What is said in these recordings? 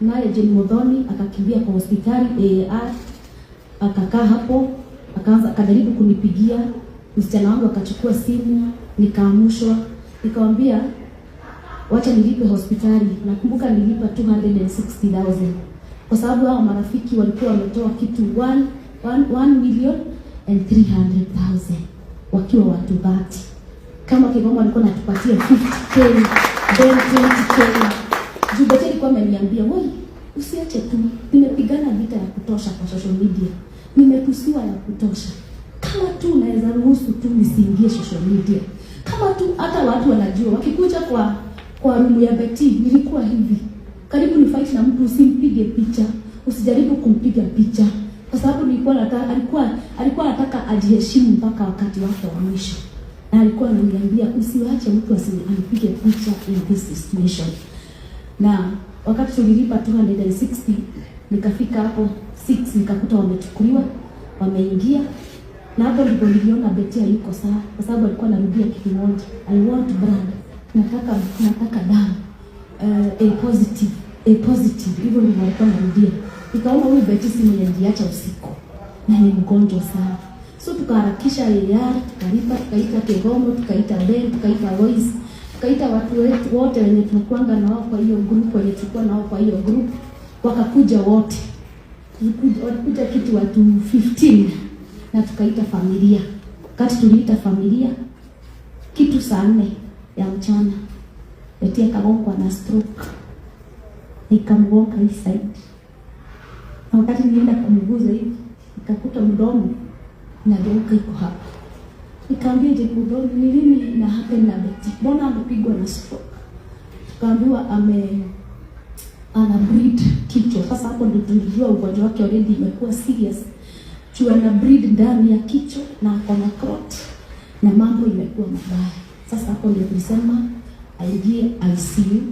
naye Jane Modoni akakimbia kwa hospitali AAR, akakaa hapo, akaanza akajaribu kunipigia. Msichana wangu akachukua simu, nikaamushwa, nikamwambia wacha nilipe hospitali. Nakumbuka nilipa 260,000 kwa sababu hao marafiki walikuwa wametoa kitu 1 million and 300,000 wakiwa watu bati kama Kigoma walikuwa natupatia 50k then 20k Jubete alikuwa ameniambia, "Wewe usiache tu. Nimepigana vita ya kutosha kwa social media. Nimetusiwa ya kutosha. Kama tu unaweza ruhusu tu nisiingie social media. Kama tu hata watu wanajua wakikuja kwa kwa rumu ya Beti, nilikuwa hivi. Karibu ni fight na mtu usimpige picha, usijaribu kumpiga picha." Kwa sababu nilikuwa nataka alikuwa alikuwa anataka ajiheshimu mpaka wakati wake wa mwisho. Na alikuwa ananiambia usiwache mtu asinipige picha in this situation na wakati tulilipa 260 nikafika hapo 6 nikakuta wamechukuliwa wameingia, na hapo ndipo niliona beti yuko sawa, kwa sababu alikuwa anarudia kitu kimoja, I want brand nataka nataka damu uh, a positive a positive. Hivyo ndivyo alikuwa anarudia. Nikaona huyu beti si mwenye ndiacha usiku na ni mgonjwa sana, so tukaharakisha AR, tukalipa, tukaita Kegomo, tukaita Ben, tukaita voice tukaita watu wetu wote wenye tunakuanga nao kwa hiyo group, wenye tulikuwa nao kwa hiyo group wakakuja wote, walikuja kitu watu 15 na tukaita familia. kati tuliita familia kitu saa nne ya mchana, Betty akagongwa na stroke, nikamgonga hii saidi na wakati nienda kumguza hivi nikakuta mdomo na geuka iko hapa Nikamwambia Jacob, ni nini na happen na Betty? Mbona amepigwa na stroke? Tukaambiwa ame ana breed kichwa. Sasa hapo ndio tulijua ugonjwa wake already imekuwa serious. Juu ana breed ndani ya kichwa na ako na clot na mambo imekuwa mabaya. Sasa hapo ndio tulisema aingie ICU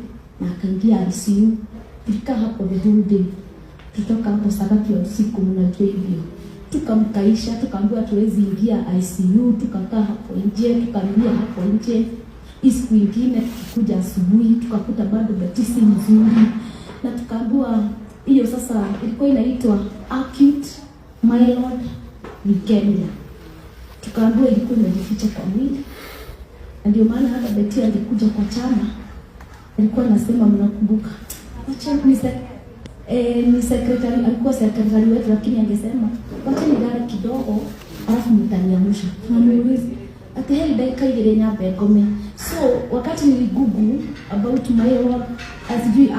na akaingia ICU. Tulikaa hapo the whole day. Tutoka hapo sabaki ya usiku mnajua hivyo tukamkaisha, tukaambiwa tuwezi ingia ICU, tukakaa hapo nje, tukaingia hapo nje. Siku ingine tukikuja asubuhi, tukakuta bado batisi nzuri, na tukaambiwa hiyo sasa ilikuwa inaitwa acute myeloid leukemia, tukaambiwa ilikuwa inajificha kwa mwili, na ndio maana hata Betty alikuja kwa chama, alikuwa anasema mnakumbuka, acha eh, ni secretary alikuwa secretary wetu, lakini angesema wacha nilale kidogo, alafu mtaniamsha. Hamuulizi hmm. ati heri dakika ile nyambe ngome. So wakati niligoogle about my work, asijui